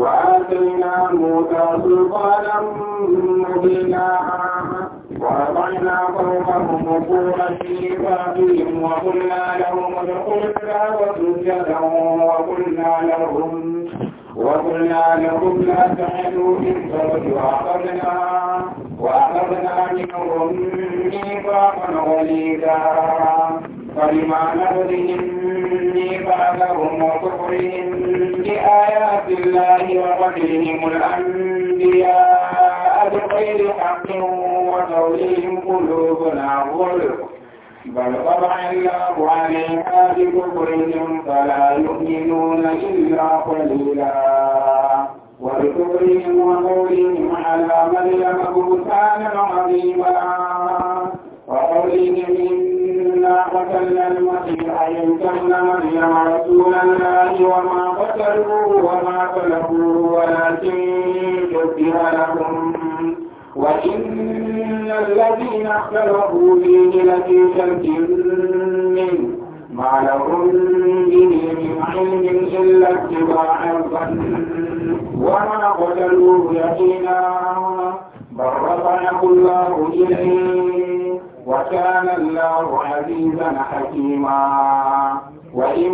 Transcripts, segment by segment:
وآتينا موسى سلطانا مبينا وأضعنا قومهم الطور في ميثاقهم وقلنا لهم ادخلوا الباب سجدا وقلنا لهم وقلنا لهم لا تعدوا في الفرج وأخذنا وأخذنا منهم ميثاقا غليظا فلما نبذهم ميثاقا آمرهم وكفرهم بآيات الله وقتلهم الأنبياء بغير حق وتوليهم قلوبنا غلق بل طبع الله عليها بكفرهم فلا يؤمنون إلا قليلا وبكفرهم وقولهم على مريم بهتانا عظيما وقولهم وما قتلنا المسيح عيسى ابن مريم رسول الله وما قتلوه وما صلبوه ولكن شبه لهم وإن الذين اختلفوا فيه لفي شك منه ما لهم به من علم إلا اتباع الظن وما قتلوه يقينا بل رفعه الله إليه وكان الله عزيزا حكيما وإن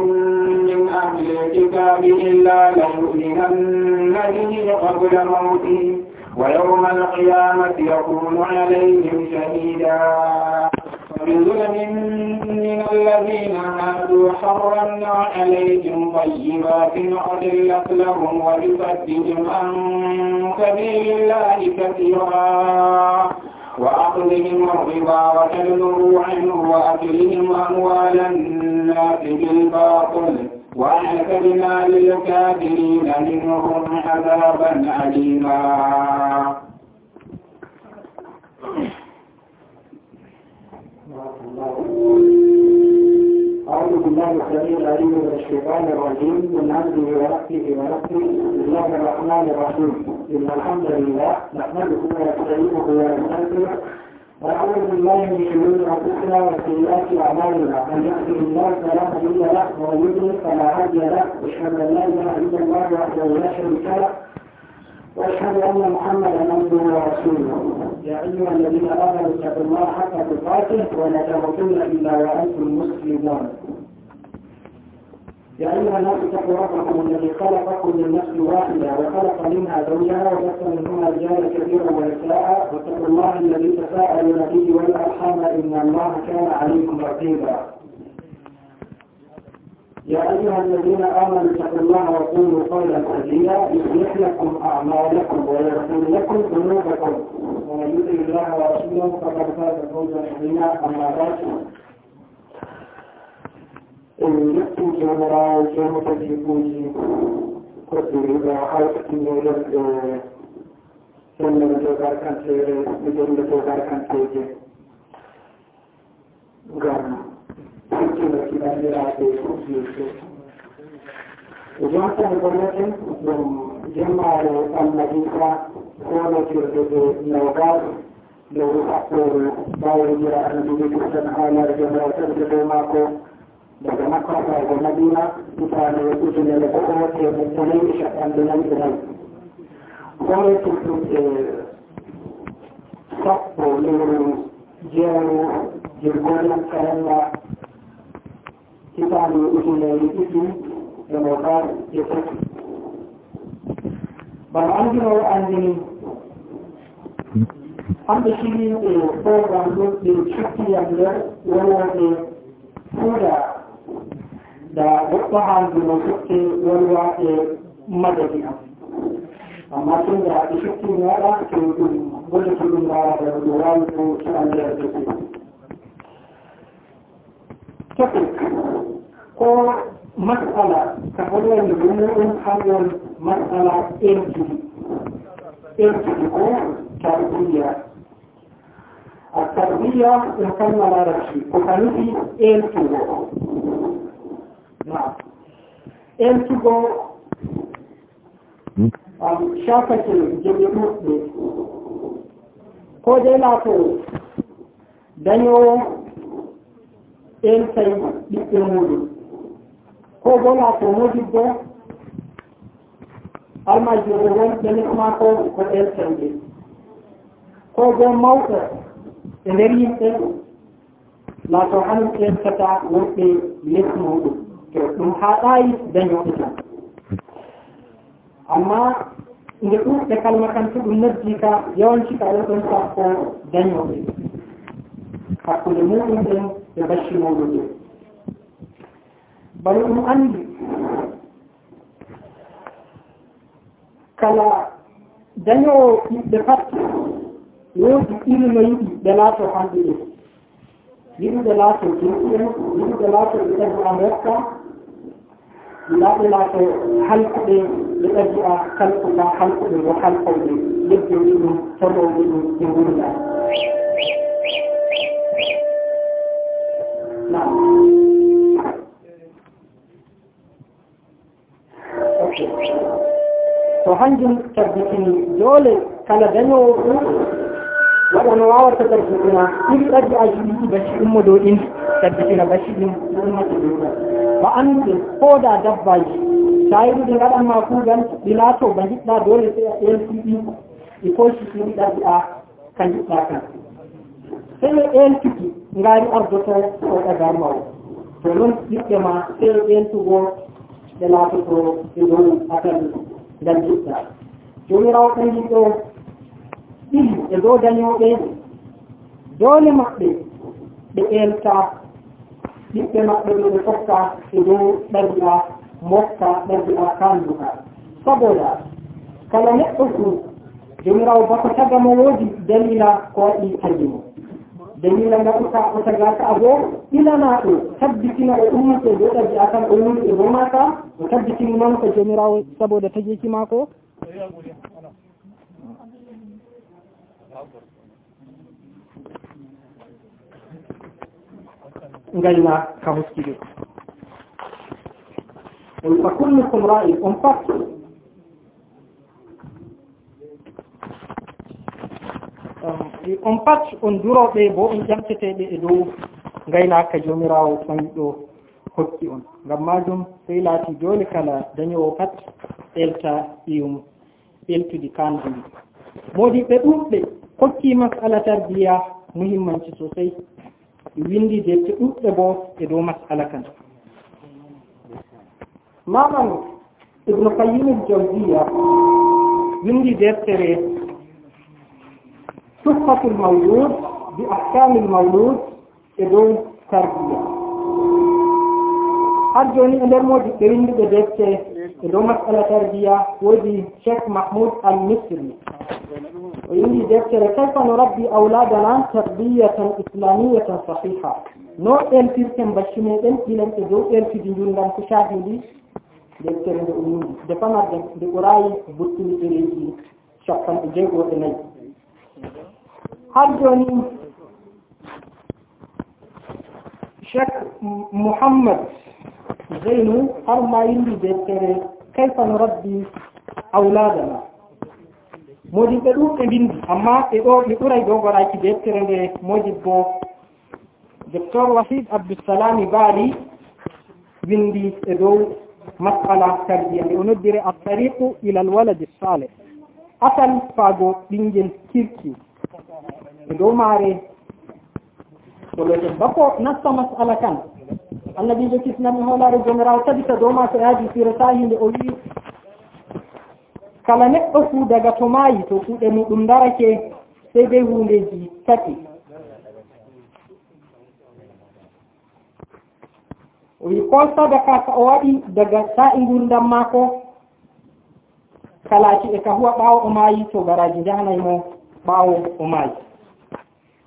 من أهل الكتاب إلا ليؤمنن به قبل موته ويوم القيامة يكون عليهم شهيدا بظلم من الذين هادوا حرمنا عليهم طيبات أحلت لهم وبصدهم عن سبيل الله كثيرا وأخذهم الربا وتنذروا عنه وأكلهم أموال الناس بالباطل وأعتدنا للكافرين منهم عذابا أليما Thank you. أعوذ بالله السميع العليم من الشيطان الرجيم من عبده ورحمه ورحمه بسم الله الرحمن الرحيم إن الحمد لله نحمده ونستعينه ونستغفره ونعوذ بالله من شرور أنفسنا وسيئات أعمالنا من يهده الله فلا مضل له ومن يضلل فلا هادي له أشهد أن لا إله إلا الله وحده لا شريك له واشهد ان محمدا عبده ورسوله يا ايها الذين امنوا اتقوا الله حق تقاته ولا تموتن الا وانتم مسلمون يا ايها الناس اتقوا ربكم الذي خلقكم من نفس واحده وخلق منها زوجها وبث منهما رجالا كثيرا ونساء واتقوا الله الذي تساءلون به والارحام ان الله كان عليكم رقيبا يا أيها الذين آمنوا اتقوا الله وقولوا قولا سديدا يصلح لكم أعمالكم ويغفر لكم ذنوبكم ومن يطع الله ورسوله فقد فاز فوزا عظيما أما بعد إن يكتب جمرا جمرة الجبوجي قدر إذا حرقت يولد جمرة باركان سيري بجمرة باركان سيري غانا وجاءت بقولة جمع المدينة قولة النوبات لو أقول باور جرى أن بيجي سبحانه جمع ترجمة ماكو daga makwasa da madina mutane ya kusa ne da kuma wata ya tattalin shaɗan da nan da nan gwamnatin su ke sakko ne jero jirgin kayan كتاب أصول الفقه لموقع الفقه بالأنجل أني أنت شيء فوق عندك بالشكل يملك وهو فولا دا وقعا بالشكل وهو مدد أما تنجا بشكل يملك وجدت من الله ورواله شأن الفقه تقل ko matsala kamar wanda gwamnatin hanyar matsala irki irki ko tarbiyya a tarbiyya in kan larabci ko ka nufi irki go na irki go shafakin jami'u ne ko dai lato danyo انت إيه بالتمود هو بلا تمود ده اما يقولون جميع ما هو قرآن سنجد هو ده موقع في إيه النبجيكا يغشي مولوده بل المؤلف كلا دنيو بفت يوجد إلى ما يجي دلاته حمده يوجد دلاته جنسية يوجد دلاته لتجي أمريكا لا دلاته حلق دي لتجي خلق الله خلق دي وخلق دي يجي منه تروا منه يقول الله to hanjum tabbitini dole kala danowo ku waɗano wawata tarbitina ɗiɗi ɗaɗi a yiɗi bashi ummodo ɗin tabbitina bashi ɗin ummata ɗuɗa ba an annduɗe ko da dabba dabbaji tawi ɗuɗe gaɗanma gan ɗilato ba jiɗɗa dole sai a ɗeltiɗi ɗi ko shi ɗiɗi ɗaɗi a kan jiɗɗa kan sai ɗayan ciki ngari arzuta wata gamawa to nan yake ma sai ɗayan tugo da na fito ido a kan dan dukka to ni rawa kan jiko ɗin ya zo da yau ɗaya dole maɗe da ɗayan ta yake maɗe da tsakka ido ɗarɗa mokka ɗarɗa kan duka saboda kalamin uku jimirawa ba ku ta gama wajen dalila ko ɗin kallimu dalil na ko ta ko ta ga ta ago ila na ko tabbiti na umma ko do da ga kan ko ni do ma ta tabbiti ni man ko jami'a saboda take ki ma ko ngal na ka huski do on fa kullu kumra'i on fa Um, on pat on duroɓe bo on ƴamteteɓe e dow gaynaka jomirawo fanɗo hokki on ngam majum sey laati joni kala dañowo pat elta iyum eltude kandu ndi modi ɓe ɗuɗɓe hokki masala tarbiya muhimmanci sosai windi defte ɗuɗɗe bo e dow masala kan maman ibnu qayyim al jawziya windi deftere صحة المولود بأحكام المولود بدون تربية أرجوني أن أرمو تكرين بدأت إذا مسألة تربية ودي شيخ محمود المصري ويقول لي كيف نربي أولادنا تربية إسلامية صحيحة نو أن تركن بشمي أن تلم إذو أن تدين جنبان تشاهدين دكتور الأمين دفنا دوراي بطل إليه شخصا إجابة إليه أرجوني شك محمد زينو أرما إلي بيكري كيف نربي أولادنا موجي بلو كبين أما إقور إقور إقور إقور إقور إقور إقور دكتور وحيد عبد السلام بالي بندي إدو مسألة تربية وندري الطريق إلى الولد الصالح أصل فاقو بنجل كيركي بدون معرفة na بقوا نص مسألة كان النبي جكيس نبي هولا رجمرا تبت دوما سيادي في رسائه لأولي kalane uku daga tumayi to kuɗe mu ɗum darake sai hunde hundeji tati oyi ko sadaka ka o daga sa'i gurdam mako, kalaci e ka huwa ɓaawo o maayi to garaji janai mo ɓaawo o maayi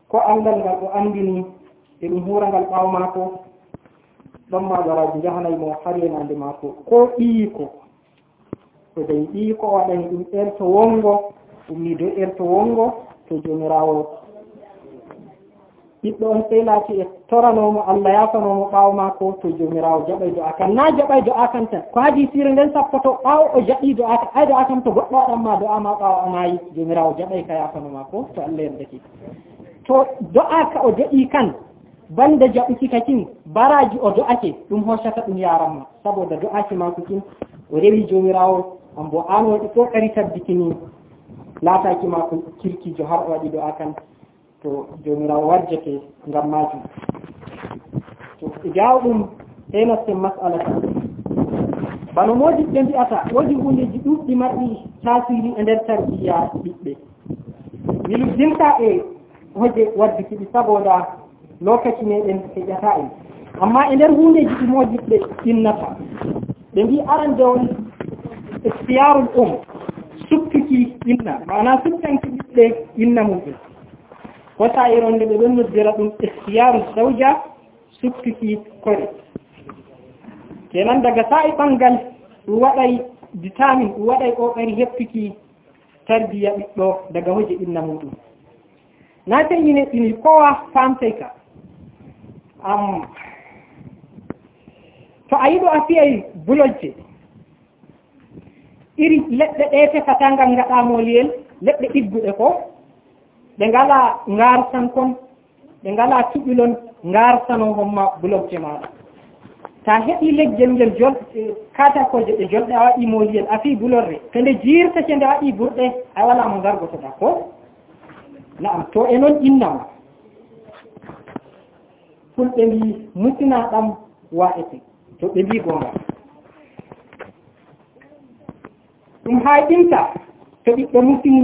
ko anndal ngal o anndini e ɗum hurangal ɓaawo maako ɗon ma garaji jahanay mo har yenande maako ko ɓiyi ko to dañ ɓiyi ko waɗani ɗum erto wongo ɗumni dow erto wongo to jomirawo ɓiɗɗo on sey laati e toranomo allah yafanomo ɓaawo maako to jomirawo jaɓay do a kan na jaɓay do a kan tan ko haadi sire nden sappoto ɓaawo o jaɓi do a kan ay do a kam to goɗɗo waɗanma do ama ɓaawo a maayi jomirawo jaɓay ka yafanoma ko to allah yerdaki to do'a ka o daɗi kan banda ja'uki kakin baraji o do'a ke ɗum hoccata ɗum yaran ma saboda do'a ke ma kukin o rewi jomirawo an bo an waɗi ƙoƙari tabbitini ki ma kirki jo har wadi do'a kan to jomirawo ke ngam majum to jawo ɗum sai e nasten mas'ala ta bano modi ɓe mbi'ata woodi hundeji ɗuɗɗi mardi tasiri e nder tarbiya ɓiɓɓe Min dinta e waje wadda kidi saboda lokaci ne ɗin ke ƴata'i amma der hunde ji mo ɗe innata ɓe mbi aran de on ikhtiyarul um sukkuki inna ma'ana sukkanki ɓiɓɓe inna muɗum wata ironde ɓe ɗon noddira ɗum ikhtiyarul zawja sukkuki kore kenan daga sa'i ɓangal waɗay vitamin waɗay ƙoƙari heptuki tarbiya ɓiɗɗo daga hoje inna muɗum na nyingine kowa farm taker um to a ayiɗo a fiyay je iri leɗɗe ɗe tefata ngam ngaɗamoliyel leɗɗe ɗe ko ɓe ngala san kon ɓe ngala tuɓilon ma homma bulojje ma ta heɓi leggel ngel jol e je ɗe jolɗe a waɗi moliyel a fi bulorre to nde jirta ce nde waɗi burɗe a wala mo ngargotoɗa ko na'am to enon inna kun ɗabi mutuna ɗan wa'ati to ɗabi gonga ɗum haɗinta to ɓiɓɓe mutum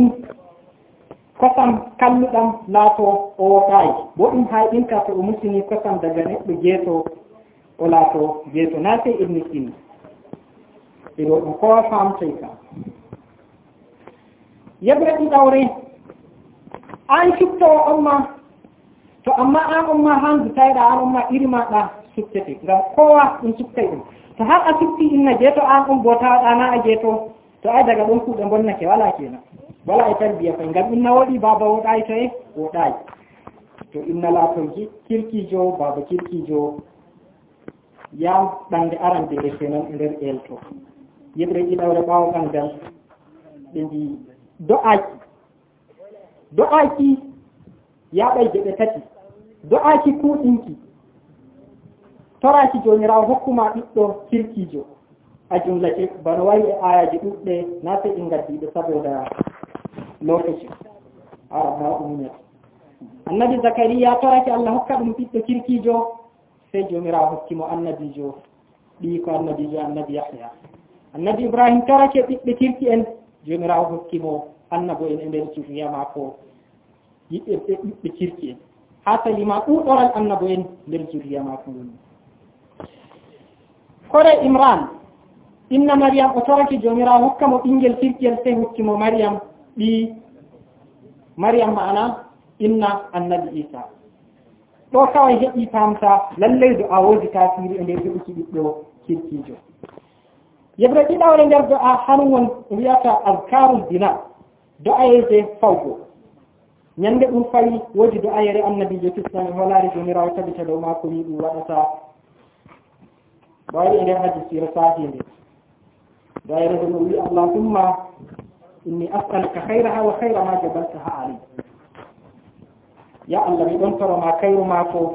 kallu ɗan lato o woɗaayi bo ɗum haɗinta to o mutini kosam daga neɗɗo geto, o lato geto, na sey ibni sina ɓeɗo ɗum kowa famtoy kam yeɓre ɗaure. an shifta wa umma to amma an umma han ta da an iri ma da shifta ce ga kowa in shifta din to har a shifti in na je to an umma bota da na a je to to ai daga don ku dan bonna ke wala kenan wala ai tarbiya fa ngam inna wadi baba wada ai tai wada to inna la tawji kirki jo baba kirki jo ya bande aran de kenan nder elto yebre ji dawre bawo kan dan dindi do aji do'aki ya ɓai gyaɗe tati do'aki kuɗinki toraki joomiraawo hokkuma ɓiɗɗo jo a jumlake bano wayi e ji ɗuɗɗe na sey ɗin da saboda lokaci a ma umnete annabi zakariya ki allah hokka ɗum ɓiɗɗo sai sey joomiraawo hokkimo annabiijo ɗii ko annabiijo annabi yahya annabi ibrahim ki ɓiɓɓe kirki en joomiraawo hokkimo annabo en nder cuufiya maako yiɓɓe ɓiɓɓe e, e kirki en ha salima ɗuɗoral annabo en nder juriya maako ngoni kore imran inna mariam o toraki jomirawo hokka mo ɓinguel kirkiel sey mo mariam ɓi mariam ma'ana inna annabi isa ɗo kawai heɓi famta lallay do a wodi tasiri e nder joɓuki ɓiɗɗo kirkijo yebre ɗiɗawre nder do a hanwon wiyata azkarul dinar ya du'aye se annabi ya ɗum fawi woodi du'ayere annabijo kistan holaare jomirawo tabita dow ma ko yiɗi waɗata ɓawri e nder haji sira saatinde du'ayere ɗum o wi allahumma inni ka kaira hawa kaira ma jabaltaha alay ya allah mi ɗon toroma kayru ma ko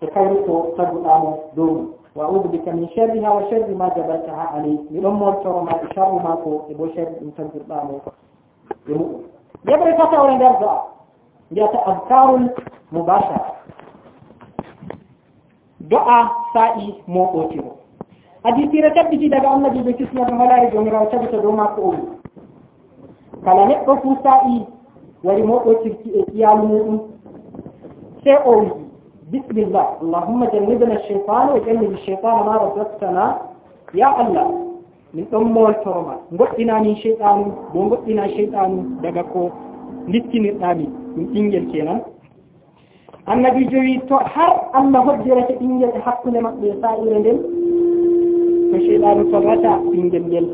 ko kayru ko tagguɗamo dow mum wa audu bika min sharriha wa sharri ma jabaltaha alay mi ɗon moltoroma e sharru ma ko e bo sharri ɗum mu. يبقى يفتح ولا يرضى جاءت أذكار مباشرة دعاء سائي مو أوتيرو أدي سيرة تبتي دعا النبي بكسنا بملاي جميرا وتبت دوما كأولي فلا نقف سائي ورمو أوتير إتيال مؤمن سأولي بسم الله اللهم جنبنا الشيطان وجنب الشيطان ما رزقتنا يا الله min ɗon moltoroma min sheyɗanu bo goɗɗina sheyɗanu daga ko littinirɗami ɗum ɓingel kenan annabi jowi to har allah hoddirake ɓingel e hakkunde maɓɓe e sa'ire nden to sheyɗanu torrata ɓingel ngel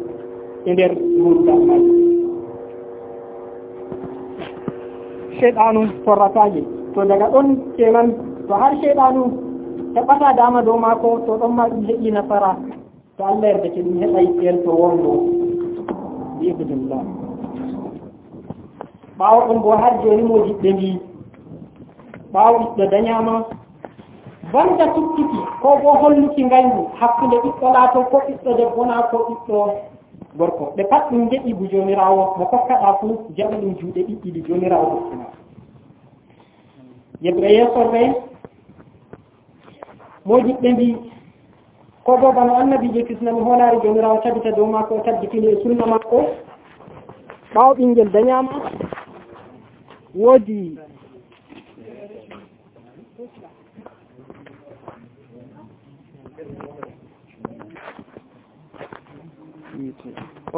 e nder gurdal ma sheyɗanu torratagel to daga ɗon kenan to har sheyɗanu heɓata dama dow maako to ɗon ma ɗum heƴƴi nasara ke ಕಲ್ಲೆರ್ತಕ್ಕೆ ನಿಮ್ಮ ಐಪಿಎಲ್ ತಗೊಂಡು ಈಗದಿಲ್ಲ ɓawo ɗum bo har joni moji ɓe mbi ɓawo ɓiɗɗo dañama banda tukkiti ko bo holluki ngaygu hakkunde ɓiɗɗo laato ko ɓiɗɗo debbo na ko ɓiɗɗo gorko ɓe pat ɗum jeɗibu jomirawo mo kokkaɗa fu jaɓa ɗum juuɗe ɗiɗɗiɗi jomirawo ɗoɗɗuma yebre yesorɓe moji ɓe mbi kodobano anna biyya kisnami honare jomirawo tabita dow makko o tabbitini e sunna makko ɓawo ɓinguel dañama woodi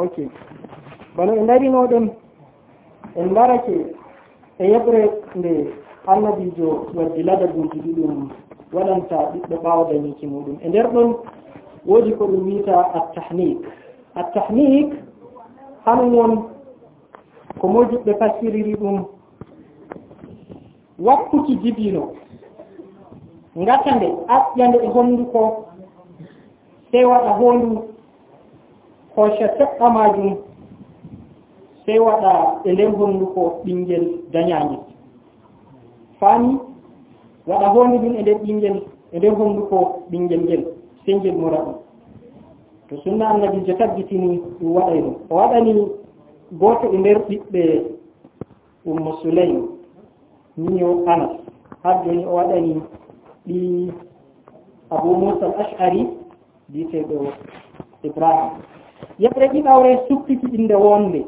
ok bano ɓe darinoɗon en darake e yeɓre nde annabijo waddi ladabuji ɗiɗum waɗanta ɓiɗɗo ɓawo dañiki muɗum e nder ɗon woji ko ɗum wiyta at tahniq hanu won ko mojuɓɓe fasiriri ɗum wakkuki jibino ngatande nde yande e hondu ko sey waɗa hondu hoca seɗɗa majum sey waɗa e nden ko ɓinngel dañaangel faami waɗa hondu ɗum e nden ɓinngel e nder ko ɓinngel ngel singil muraɗi to sunna annabi jo tabbitini ɗum waɗay ɗum o waɗani goto e nder ɓiɓɓe ummu sulaym niyo anas har joni o waɗani ɗi abu musa al ash'ari biyeteɗo ibrahim yeɓre ɗiɗawre suppiti inde wonde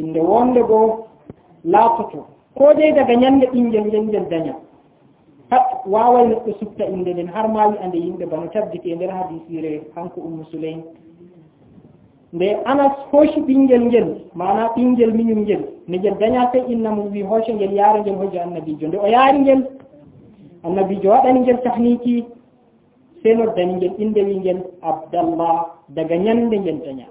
inde wonde bo laatoto ko dai daga ñande ɓingel ngel ngel pat waaway neɗɗo supta inda nden har ma wi'ande yimɓe bano tabbiti e nder hadisire hanku ummu sulayn nde anas hoshi bingel ngel mana bingel minyum ngel nde danya daña sey inna mu bi hoshi ngel yaara ngel hojo annabijo nde o yaari ngel annabijo waɗani ngel tahniki seno noddani ngel inde wi ngel abdallah daga nyande ngel tanya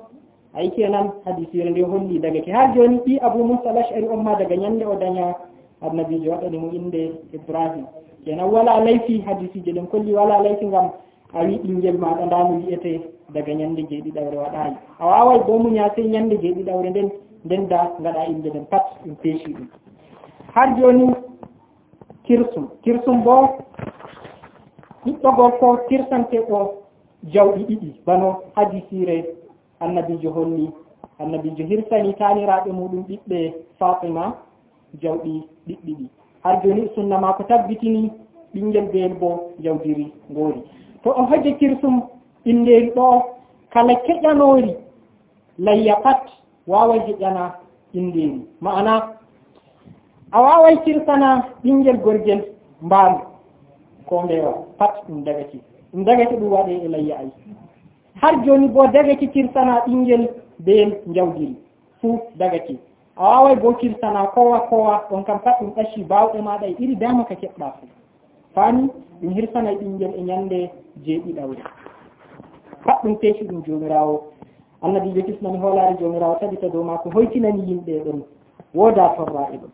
ay kenan hadisire nde holli daga ke har joni ɓi abu moussa l umma daga nyande o danya. annabijo waɗani mu inde ibrahim kenan wala laifi hadisi je ɗen kolli wala laifi ngam a wi ɓingel maɗa mu wi'ete daga ñande jeeɗiɗawre waɗayi a wawai bo sai nyande ñande jeeɗiɗawre nden nden da ngaɗa inde ɗen pat ɗum peeshi ɗum har joni kirsum kirsum bo ɓiɗɗo gorko kirsante ko jawɗi ɗiɗi bano hadisire annabijo holli annabijo hirsani taniraɓe muɗum ɓiɓɓe fatima jawdi ɗiɗɗiɗi har joni sunna ma ko tabbitini ɓingel beel bo jawdiri ngoori to o kirsum ɓinndeel ɗo kala keƴanoori layya pat waawa jeƴana ɓinndeel ma'ana a waaway kirsana ɓingel gorgel mbaalu ko mbeewa pat ɗum dagati ɗum dagati ɗum waɗe e layya ay har jooni bo dagati kirsana ɓingel beel jawdiri fuu dagati awai bokin sana kowa kowa on kam kaɗum ɗashi bawɗe ma dai iri dama ka keɓɓa fu fani ɗum hirsanay ɓingel e ñande jeeɗiɗawre paɗɗum peeci ɗum jomirawo Annabi annabijo kisnani hoolaare jomirawo ta dow ma ko hoytinani yimɓe ɗon wooda torra e ɗum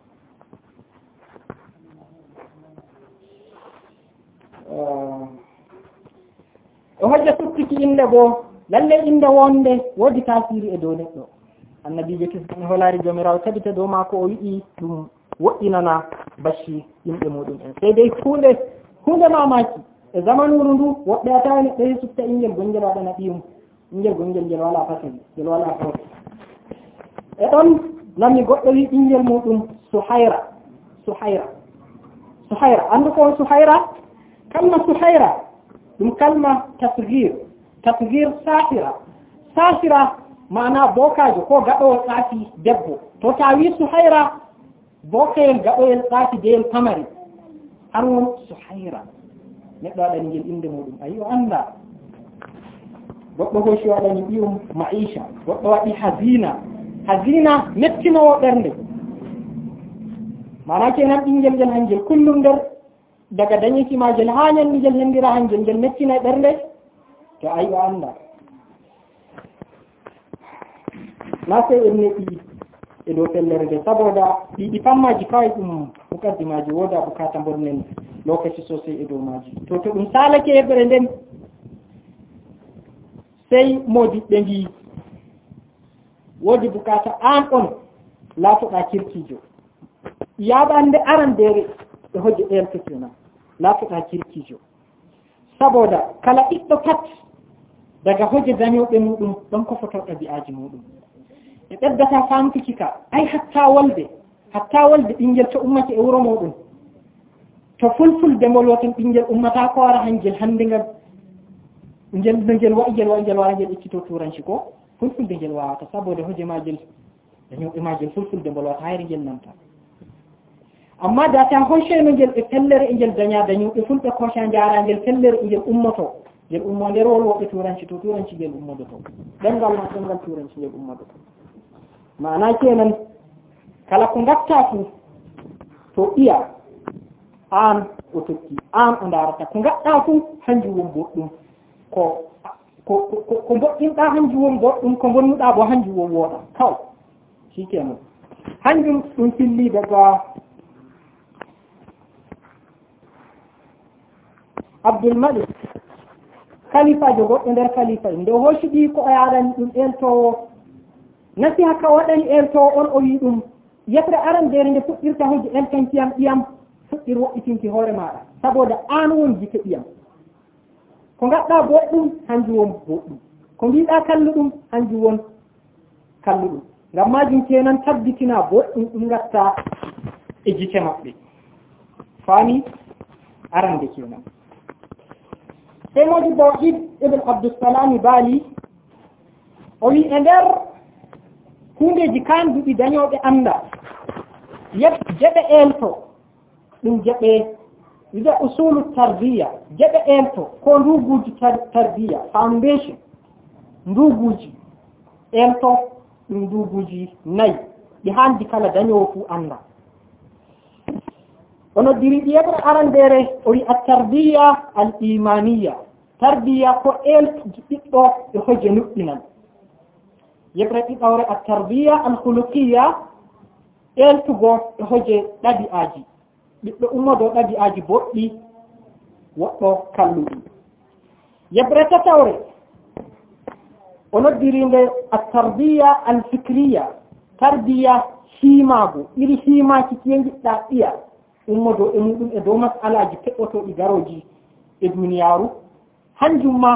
o hojja suttiki inda bo lalle inda wonde wodi tasiri e dow neɗɗo annabi jeki sun holari jomirawo tabita dow maako o yiɗi ɗum woɗɗinana bacci yimɓe muɗum en sey dey hunde hunde mamaki e zamanuru ndu woɓɓe a tawi neɗɗo he sufta ingel gongel waɗana ɓiyum ingel gongel ngel wala fasil ngel wala profe e ɗon nanmi goɗɗo wi ɓingel muɗum suhayra suhayra suhayra anndu ko suhayra kalma suhayra ɗum kalma tasgir tasgir sahira sahira ma'ana bokajo ko gaɗowar tsafi debbo to tawi suhaira bokayen gaɗowar tsafi deyen pamari har won suhaira neɗɗo a yi muɗum ayi da annda goɗɗo waɗa waɗani ɓiyum maisha goɗɗo waɗi hazina hazina mettinowo ɓernde mana kenan ɗin ngel hangel kullum dar daga dañikimagel ha ñannigel henndira hangel ngel mettina ɓernde to ayi an da na sai en neɗi e dow pellere nde saboda ɗiɗi maji kawai di maji woda bukatan birnin lokaci sosai e maji to to ɗum salake heɓere nden sey modiɓɓe mbi wadda bukata an on laatoɗa ya yaɓan nde arandere ɓe hoje ɗen fitina kirki jo saboda kala ɓiɗɗo kat daga hoje mudu muɗum ɗon kofotoɗa ɗabi'aji muɗum ya ɓeddata samun cika ai hatta walde hatta walde ɓinngel ta ummake e wuro muɗum to fulful da woten ɓinngel ummata ko wara han ngel hannde ngal ngel no ngel wayi ngel wayi ngel wara ngel ekkito turanci ko da ngel wawata saboda hoje majel e ñoɓɓe majel fulfulde ngol wata hayre ngel nanta amma da ta hocceno ngel e fellere e ngel daña dañuɓe fulɓe koca jara ngel fellere e ngel ummoto ngel ummo nder wol woɓɓe turanci to turanci ngel ummodo to ɗemngal ma ɗemngal turanci ngel ummodo ma'ana kenan kala ngatta ku to iya an utuki an ku kungakta ku won boɗɗum ko ko boɗɗinɗa won boɗɗum ko da bo won wota, kaw shi kenan hanjum ɗum filli daga Malik khalifa jogo goɗɗo nder khalifa ndo hoshi bi ko ayaran dum ento nasiha ka waɗani en to on o wii ɗum yefre arandere nde fuɗɗirta hoji intentiyam ɗiyam fuɗɗir woɗɗitinki hoore maɗa saboda aan won jike ɗiyam ko ngaɗɗa boɗɗum hanjum won boɗɗum ko mbiɗa kalluɗum hanjum won kalluɗum ngam majum kenan tabbitina boɗɗum ɗum gatta e jike maɓɓe faami arande kenan e modi bo id ibne abdusalami baali o wi e nder hundeji kan duɗi dañoɓe annda yeb jeɓe elto ɗum jeɓe wiɗa usulu tarbiya jeɓe elto ko nduguji tarbiya foundation nduguji elto ɗum nduguji nayi ɗi handi kala dañowo fuu annda ono diri ƴeɓre arandere o wi attarbiya al imaniya tarbiya ko eltuji ɓiɗɗo e hoje nuɗɗinan yebrati ɓawre a tarbiya al hulukiya eltugo e hoje ɗabi'aji ɓiɗɗo ummodo ɗabi'aji boɗɗi woɗɗo kalluɗi yebrata tawre o noddirinde a tarbiya al fikriya tarbiya hiimaago iri hiimaaki kiye jiɗɗa ɗiya ummodo e muɗum e dow masalaji peɓɓotoɗi garoji e duniyaru hanjum ma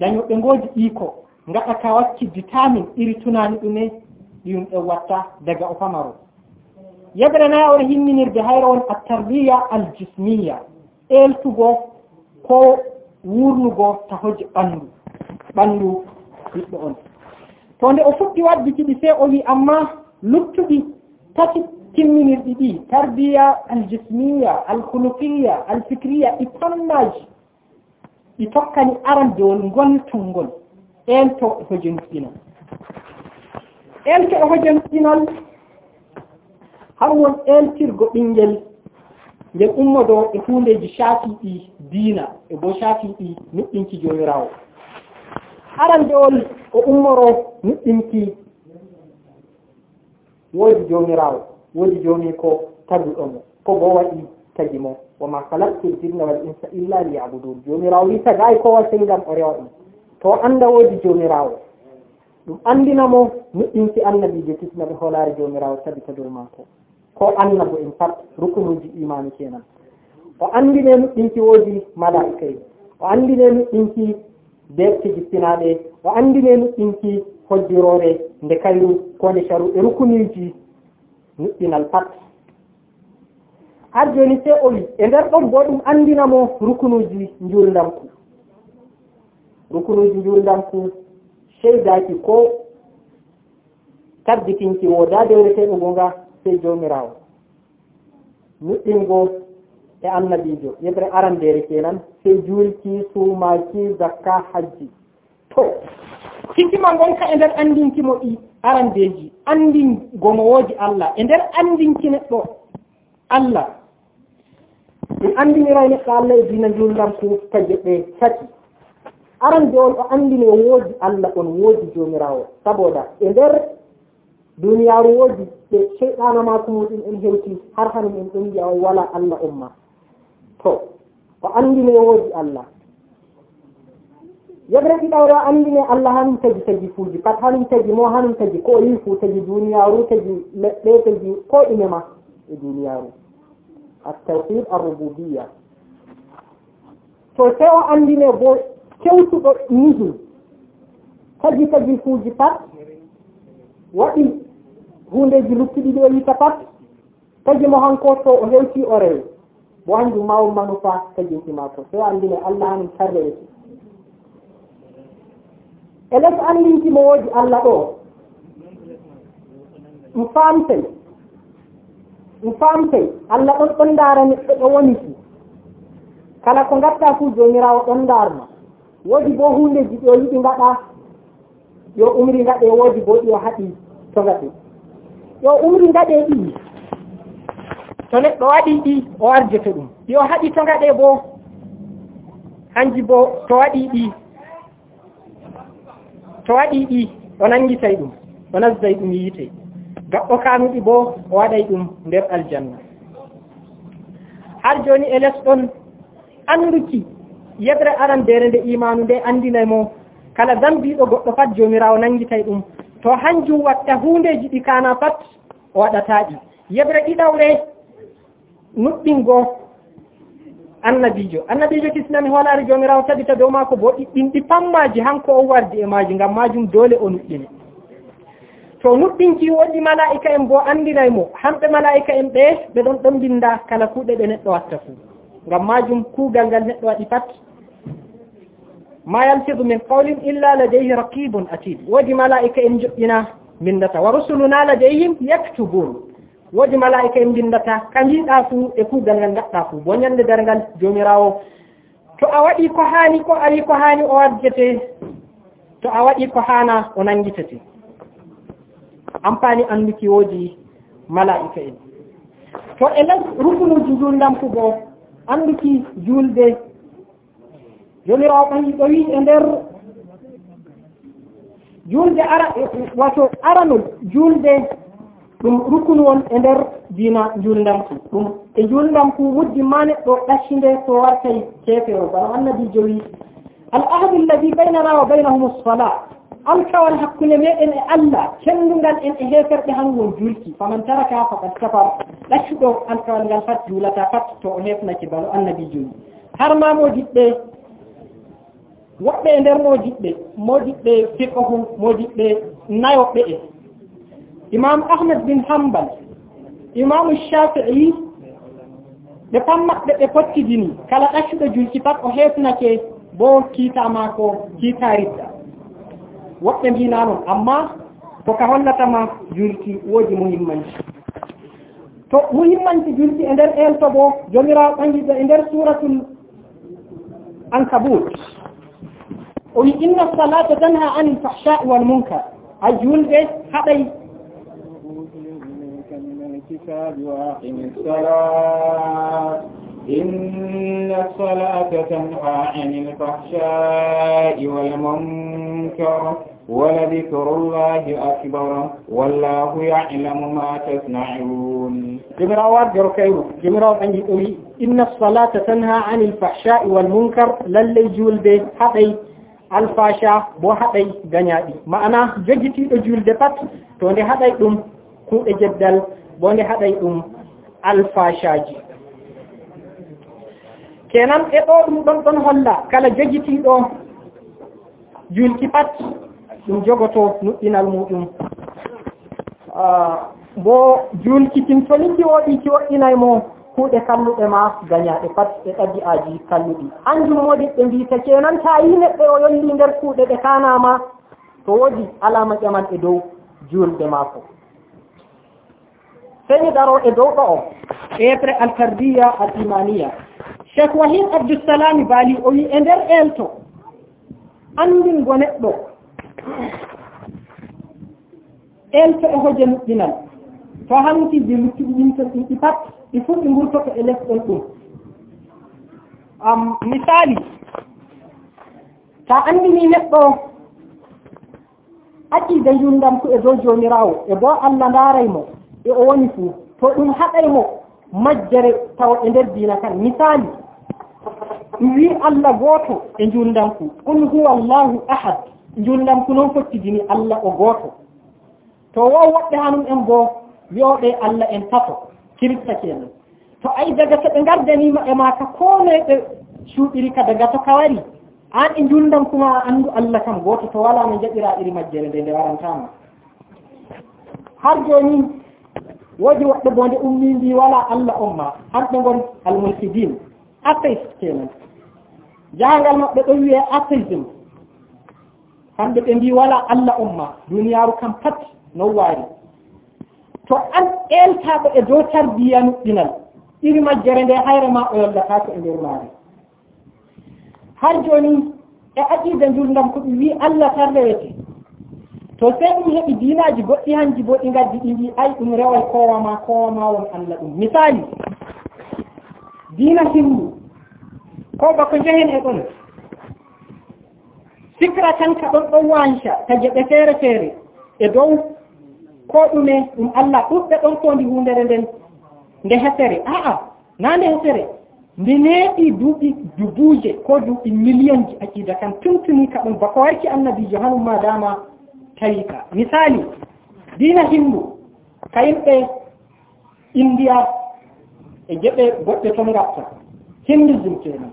dañoɓe ngoji ɗiiko Nga ka wacci vitamin iri tunani ɗume yumɓe watta daga Yadda na yadranaya on himminirde hayra on attarbiya aljismiya eltugo ko wurnugo ta hoji ɓandu ɓandu ɓiɗɗo on to nde o fuɗɗi waddiki bi sai o wi amma luttuɗi tati timminirɗi ɗi tarbiya aljismiya alhulukiya alfikriya ɗi pannaji ɗi tokkani ngol ngontungol أنت أهجن سينا أنت أهجن سينا هو أنت رجع إنجل يوم أمم دو يكون دي شاكي إي دينا يبو شاكي إي نتنكي جوي راو أران دول أمم رو نتنكي ودي جوي راو ودي جوي كو تابل أمو كو بوا إي تجمو وما خلقت الجن والإنس إلا ليعبدون جوي راو ليسا غاي كو وسيدا أريو إي to annda woodi joomiraawo ɗum anndina mo moƴƴinki annabiijo tisnaɓe holaare joomiraawo tabita dow maako ko anna bo en pat rukunuuji imanu kenan o anndine moƴƴinki woodi malaikae o anndine moƴƴinki deerteji sinaaɓe o anndine moƴƴinki hojjiroore nde kayru kone caru e rukuniiji moƴƴinal pat har jooni se o wi e ndeer ɗon bo ɗum anndina mo rukunuuji njuulndamku sai da shaidaki ko ki wo da dewreteɗo gonga sey jomirawo nuɗɗingo e annabijo yeɓre arandere kenan sai julki suumaki zakka hajji to hikima gonka e nder andinki mo ɗi arandeji andin gomowoji allah e nder andinki neɗɗo allah ni andinira neɗɗo allah e dina julndan ku kaje ɗe tati aran de o anndi no woodi allah on woodi joomiraawo saboda e nder duniyaaru woodi ɓe seyɗana maako muɗum en hewti har hanum en ɗon mbiya o wala allah umma to o anndi no woodi allah yogre ɗiɗawre o anndine allah hanum tagi tagi fuuji pat hanum tagi mo hanum tagi ko yi fuu tagi duniyaaru tagi leɗɗe tagi ko ɗume ma e duniyaaru attawhid arrububiya to sey o andine bo kewtuɗo muhim kadi kadi fuuji pat waɗi hundeji luttiɗi ɗi e o yita pat kadi mo hanko to o hewti o rew bo hanju ma ummanu fa kajinti mako so andine allah an tarreweti e les andinki mo woodi allah ɗo um famtay um famtay allah ɗon ɗon ndaara neɗɗo ɗo woni fi kala ko gatta fuu jomirawo ɗon ndaarma woodi bo hunde jiɗo yiɗi ngaɗa yo umri ngaɗe woodi bo ɗi o haɗi to ngaɗe yo umri ngaɗe ɗi to neɗɗo waɗi ɗi o arjoto ɗum yo haɗi to ngaɗe bo hanji bo to waɗi ɗi to waɗi ɗi o nangitay ɗum o nasday ɗum yiite gaɓɓo kaanuɗi bo o waɗay ɗum nder aljanna har jooni e les ɗon annduki yeɓre arandere nde imanu nde anndinay mo kala dambiɗo goɗɗo pat joomirawo nanngitay ɗum to hanjum watta hundeji ɗi kana pat o waɗataɗi yeɓre ɗiɗawre nuɗɗingo annabijo annabijo kisnami holaari joomirawo tabita dow maako bo ɗiɗɗinɗi pammaji hanko o wardi e maaji ngam majum doole o nuɗɗine to nuɗɗinki woɗɗi malaika en bo anndinay mo hamɓe malaika en ɓe ɓe ɗon ɗon mbinda kala kuuɗe ɓe neɗɗo watta fuu ngam majum kugal ngal neɗɗo waɗi pat ma yalfidu min qawlin illa ladayhi raqibun atid woodi malaika en joƴƴina mbindata wa rusuluna ladayhim yaktubun woodi malaika en mbindata ka mbiɗa fu e kugal ngal gaɗɗa fu bo ñande darngal jomirawo to a waɗi ko haani ko ari ko haani o waddete to a waɗi ko haana o nangitete ampani anduki woodi malaika en to e nder rukunuji ndun fu boo anduki julde jomirawo kanji ɗo wi e nder julde ara wato aranol julde ɗum rukun won e nder diina julndamku ɗum e julndamku wuddi ma neɗɗo ɗaccinde to wartay kefeero bana annabi jowi al ahdu alladi baynana wa baynahum sala alkawal hakkunde meɗen e allah cenndugal en e heferɗe won julki faman taraka faqad kafar ɗaccuɗo alkawal ngal fat juulata fat to o hefnake balo annabi joyi har ma modiɓɓe woɓɓe e nder modiɓɓe modiɓɓe fiqahu modiɓɓe nayoɓɓe e imam ahmed bin hambal imamu shafi'i ɓe pat maɓɓe ɓe pottidini kala ɗaccuɗo julki pat o hefnake bo kiita maako kiita ridda woɓɓe mbina noon amma ko ka hollatama julti woodi muhimmanci to muhimmanci julti e nder en to bo jomirawo e nder suratul ankabut o wi inna salata tanha ani lfahsha'i wal munkar a julde haɗay الكتاب وأقم الصلاة إن الصلاة تنهى عن الفحشاء والمنكر ولذكر الله أكبر والله يعلم ما تصنعون جمرا وارجر كيرو جمرا عندي قولي إن الصلاة تنهى عن الفحشاء والمنكر للي جول به حقي الفاشا بو حقي دنيادي ما أنا ججتي أجول ده بات توني حقي أم كو اجدال بوني حقي أم الفاشاجي kenan e ɗo ɗum ɗon ɗon holla kala jogitiiɗo julki pat ɗum jogoto nuɗɗinal muɗum mbo ah, julki tintolinki o ɗi ki woɗɗinay mo kuuɗe kalluɗe ma gañaaɗe pat e ɗaggi aaji kalluɗi anjum modi ɓe mbiita kenan so a yi neɗɗo o yolli nder kuuɗe ɗe kanama to woodi alama ƴaman e dow juulde maako feni ɗaro e dow ɗo o epre alkardiya al imaniya Sheikh Wahid Abdussalam Bali oyi e nder elto andingo neɗɗo elto e hoje ɗinal to hanti je luttuɗi ɗimto ɗi pat ɗi fuu ɗi ngurtoto e lesɗol ɗum misali ta andini neɗɗo aqida yundam ko e dow jomirawo e bo allah ndaray mo e o woni fuu to ɗum haɗay mo majjere taw e nder diina kan misali yi Allah goto in ku kun huwa Allahu ahad ku non fotti dini Allah o goto to wo wadde hanum en bo yobe Allah en tato kirista kenan to ai daga to ɓe ma e maka kome ɓe cuɓiri ka daga to kawari an e jundan ma a andu Allah kam goto to wala no jaɓira iri majjere de nde warantama har joni waji wadde bonde ummi mbi wala Allah umma ma hanɓe gon almulhidin atheist kenan jahangal maɓɓe ɗo wiye atheism kamɓe ɓe mbi wala allah umma Duniyaru, kam pat non waari to an eltaaɓe e dow tarbiya nuɗɗinal iri majjere nde hayre ma o yoldataako e nder maari har jooni e dur njulndam ko ɗum wi allah wete, to sey ɗum heɓi diinaaji goɗɗi hanji bo ɗi ngaddi ɗi mbi ay ɗum rewal koowa ma koowa ma won allah ɗum misali diina hindu ko ba ku ji hin ɗon sikra kan ka ɗon ɗon wansha ta jeɓe fere-fere. e dow ko ɗume ɗum allah ɗuɗɓe ɗon hunde hundere nden nde hesere a'a na nde hesere ne neeɗi dubi dubuje ko ji millionji da kan tuntuni ka don bako warki annabijo hanum ma dama tayika misali dina hindu ka yimɓe indiya e geɓe goɗɗe ton gatta Hinduism kenan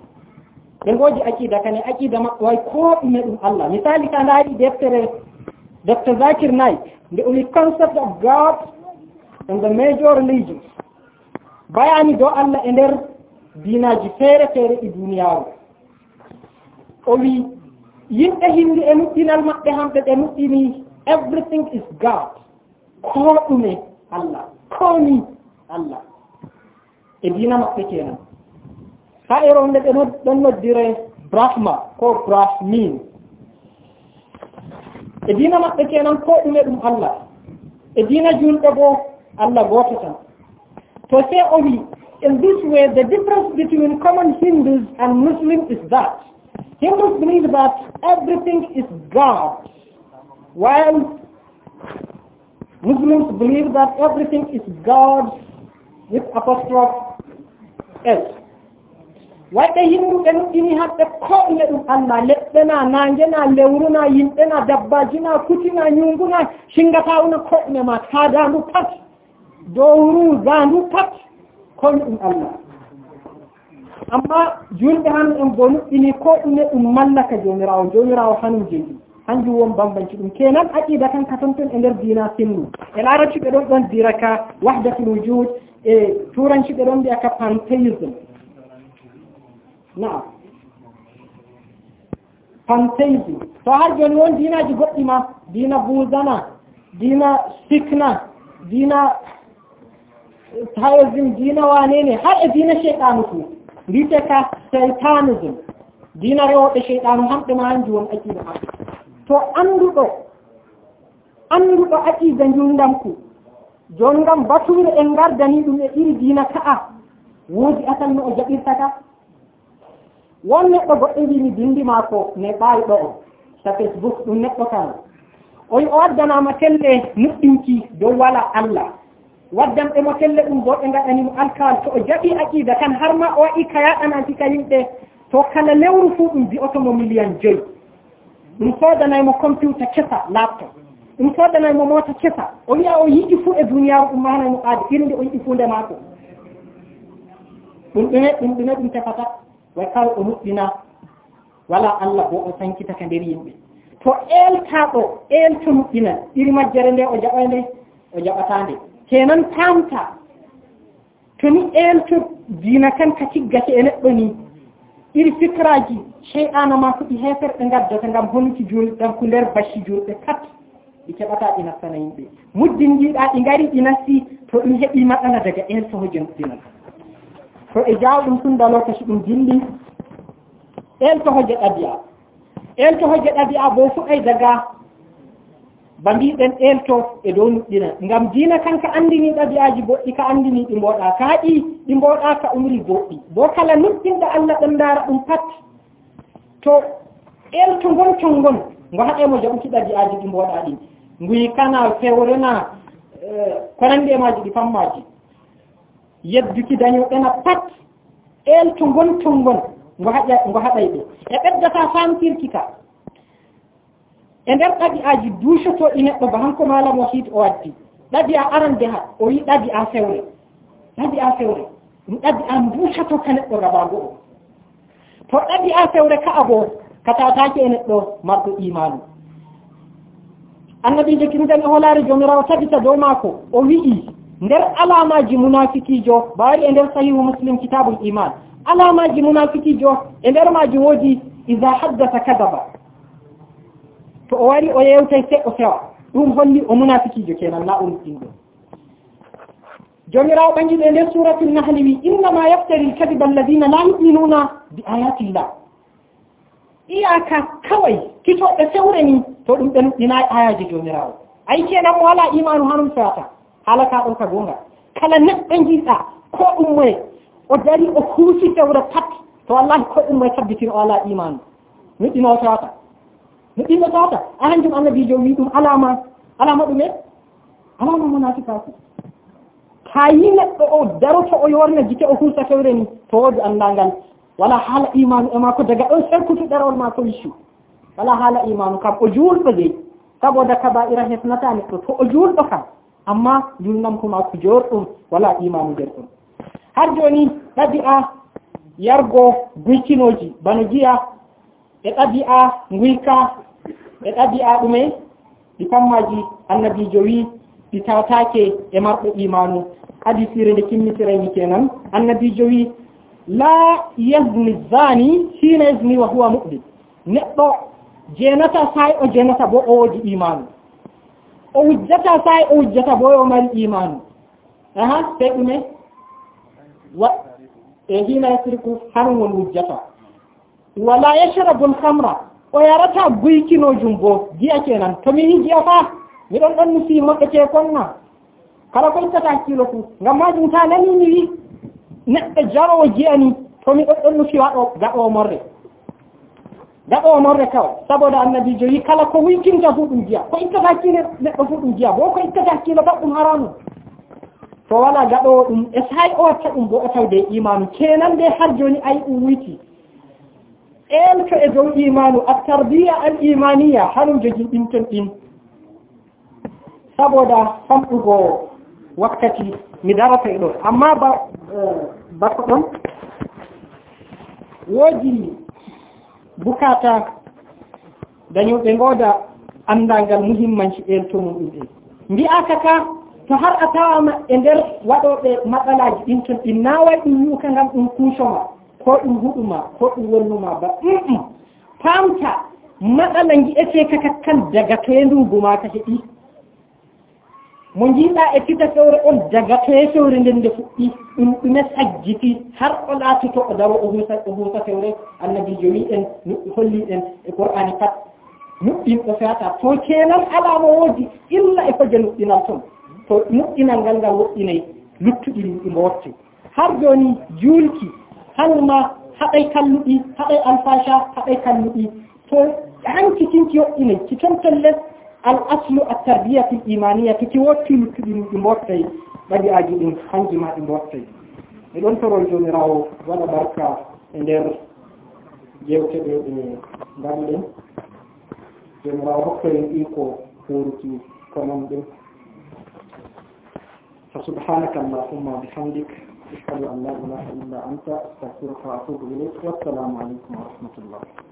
in goji akida kane akida makko ko ina ɗum allah misali ka ndaari deftere dr zakir naik nde uli concept of god and the major religions bayani do allah e nder dinaji fere-fere e duniyaaru o wi da hindi e mutinal maɓɓe hamɓe ɓe mutini everything is god ko ina allah ko ni allah e dina maɓɓe kenan sa'ira wanda ɗan najirai brahma ko brahmin e dina maɓɓe kenan ko ɗume ɗum allah e dina julɗo boo allah gooto tan to sey o in this way the difference between common hindus and muslims is that hindus believe that everything is god while muslims believe that everything is god with apostrophe s wadde yimɓuɓe ɗuɗɗini haɓɓe koɓne ɗum allah leɗɗe na, na na, lewru yimɓe leɗɗena nanguena lewruna yimɓena dabbajina kutina ñunguna singatawuna koɓne ma tadandu pat dowru dandu pat kon ɗum allah amma julɓe hannu en bo nuɗɗini ko ɗume ɗum mallaka jomirawo jomirawo hanum jeyi hanjum won bambanci ɗum kenan aqida kan katanton e nder dina sinnu e larabci ɓe ɗon ɗon diraka wahdatul wujud e turanci ɓe ɗon mbiyaka pantheisme na'am fantaiji to har joni wani dinaji ji goɗɗi ma dina buzana dina sikna dina taoism dina wane ne har e dina shaiɗanu ku rite ka shaitanism dina rewoɓe shaiɗanu hamɓe ma hanji won da ma to annduɗo annduɗo aƙida njurgam ku jon ngam bature en gardani ɗum e iri dina ka'a woodi asal no o jaɓirta ka won neɗɗo goɗɗo wimi bindi maako ne ɓaawi ɗo o sa facebook ɗum neɗɗo kan o o waddanama telle nuɗɗinki dow wala allah waddan ɓe mo telle ɗum bo ɓe gaɗanimo alkawal to o jaɓi aqida tan har ma o waɗi ka yaɗanantika yimɓe to kala lewru fuu ɗum mo million joyi ɗum mo computa kesa laptop ɗum mo mota kesa o wiya o yiɗi fuu e duniyaru ɗum mahanaymo aade iri nde o yiɗi fuu nde maako ɗum ɗume ɗum ɗume ɗum tefata wai kawai kawo unudina wala allah bo o sankitaka nder yimɓe to el el ta ɗo, eltaɗo eltunuɗina iri majjere nde o jaɓa nde o jaɓata nde kenan tamta to ni el elto dina kan ka tiggake e neɗɗo ni iri fikraji cheyɗana ma fuɗi hefere ɓe gaddata ngam honuki julɗan ko nder bacci julɓe pat ɗi keɓata ɗi nastana yimɓe muddin jiɗa ɗi gari ɗi nasti to ɗum heɓi maɗana daga eltoho jom ɗinan to e ɗum tun da lokaci ɗum jilli en to hoje ɗabi'a en to hoje ɗabi'a bo fuɗɗay daga ba mbiɗen en to e dow nuɗɗina ngam diina kan ka anndini ɗabi'aji boɗɗi ka anndini ɗi mboɗa ka haɗi ɗi mboɗa ka umri boɗɗi bo kala nuɗɗinɗo allah ɗon ndaara ɗum pat to en to ngon ton ngon ngo haɗemo jaɓuki ɗabi'aji ɗi mboɗa ɗin nguyi kana fewrena eh, ko nanndi e maaji ɗi pammaaji yadduki dañu ena pat el to gon to gon ngo haɗa ngo haɗay ɓe e ɓeddata famtirki ka e nder ɗaɗi aji duusoto ɗi neɗɗo ba hanko malam wahid o addi ɗaɗi a arande ha o wi ɗaɗi a fewre ɗaɗi a fewre ɗum ɗaɗi a duusoto ka neɗɗo rabago o to ɗaɗi a fewre ka agoo ka tatake e neɗɗo marɗo imanu annabi jokiruɗen e holaare jomirawo tabita dow maako o wi'i nder alamaji munafikijo bawari e nder sahihu muslim kitabul iman alamaji munafikijo e nder maji woodi iza haddata kadaba to o wari o yewtay seɗɗo fewa ɗum holli o munafikijo kenan na um ɗinɗo jomirawo ɓangiɗo e nder suratul nahli wi innama yaftari lkadiba alladina la yuminuna bi ayatillah iyaka kawai kitoɓe fewre ni to ɗum ɓe nuɗɗinayi ayaji jomirawo ay kenan mo wala imanu hanum fewata halaka on ka gonga kala neɗɗo jiiɗa ko umme o dari o ta fewre pat to allah ko umme tabbitin ala iman ni imanu miɗɗino ni miɗɗino tawata a hanjum annabijo wi dum alama alama dum ne alama monafikaki ha yi neɗɗo o daro to o yorna jite o ta fewre ni to woodi anndangal wala haala iman e maako daga ɗon serkutu ɗerol ma ko wiccu wala haala imanu kam o juulɗo jeyi saboda kabaira hefnata ni to o juulɗo kam amma junnam kuma ku jorɗum wala imanu nder ɗum har joni ɗabi'a yargo guykinoji bano jiya e ɗabi'a gwika e ɗabi'a ɗume ɗi pammaji annabi jowi ɗi tawtake e marɗo imanu adi sire nde kimmitirayni kenan annabi jowi la yazni zani hina yazni wa huwa mu'min neɗɗo jenata sai o jenata bo o woji imanu uhujjata sai uhujjata boyo mal imanu aha sai kuma wa eh hina yasriku harmun hujjata wala yashrabu al-khamra o yarata guikino jumbo giya kenan to min giya fa mi don don musi makka ce konna kala ko ta kilo ku ngamma jum ta nani ni ne jaro giya ni to mi don don musi wa do ga o morre da omar da kawai saboda annabi je kala ko winkin da hudun jiya ko ita zaki ne da hudun jiya ko ko ita ta kire da kun haramu to wala ga do um sai o ta um bo ta da imam kenan dai har joni ai uwiti el ka e don imanu at tarbiya al imaniya halum je din tan din saboda san ko wakati mi ta ido e amma ba eh, ba ko don woji bukata da dañuɓe goda anndangal muhimmanci ɓeen tunu muɗum ɗen mbi'aka ka to har a tawama e nder waɗoɓe matsalaji ɗin ton ɗin naway ɗum yuuka ngam ɗum kuusoma ko ɗum huɗuma ko ɗum wonnuma ba ɗum pamta matsala gi'ete kaka kan daga to e ndungu ma ka heɓi mun jiɗa e fita fewre on daga toye fewre nden nde fuɗɗi ɗum ɗume sajjiti har o laatoto o dawa o huusa o huusa fewre annabijo wi en holli en e qur'ani pat nuɗɗinɗo feata to kenan alaama woodi illa e koje nuɗɗinal toon to nuɗɗinal ngal ngal woɗɗinayi luttuɗi ɗimo wotti har joni jooni juulki hanma haɗay kalluɗi haɗai alfasha haɗay kalluɗi to hanki kinki yoɗɗinayi ki ton ton les الأصل التربية الإيمانية تتوتي المبوطي بدي أجي إن خنجي ما المبوطي إذن ترون جوني راو ولا بركة إندير جيوتي جوني راو بكتين إيكو فورتي كمان دي فسبحانك اللهم بحمدك أشهد أن لا إله إلا أنت أستغفرك وأتوب إليك والسلام عليكم ورحمة الله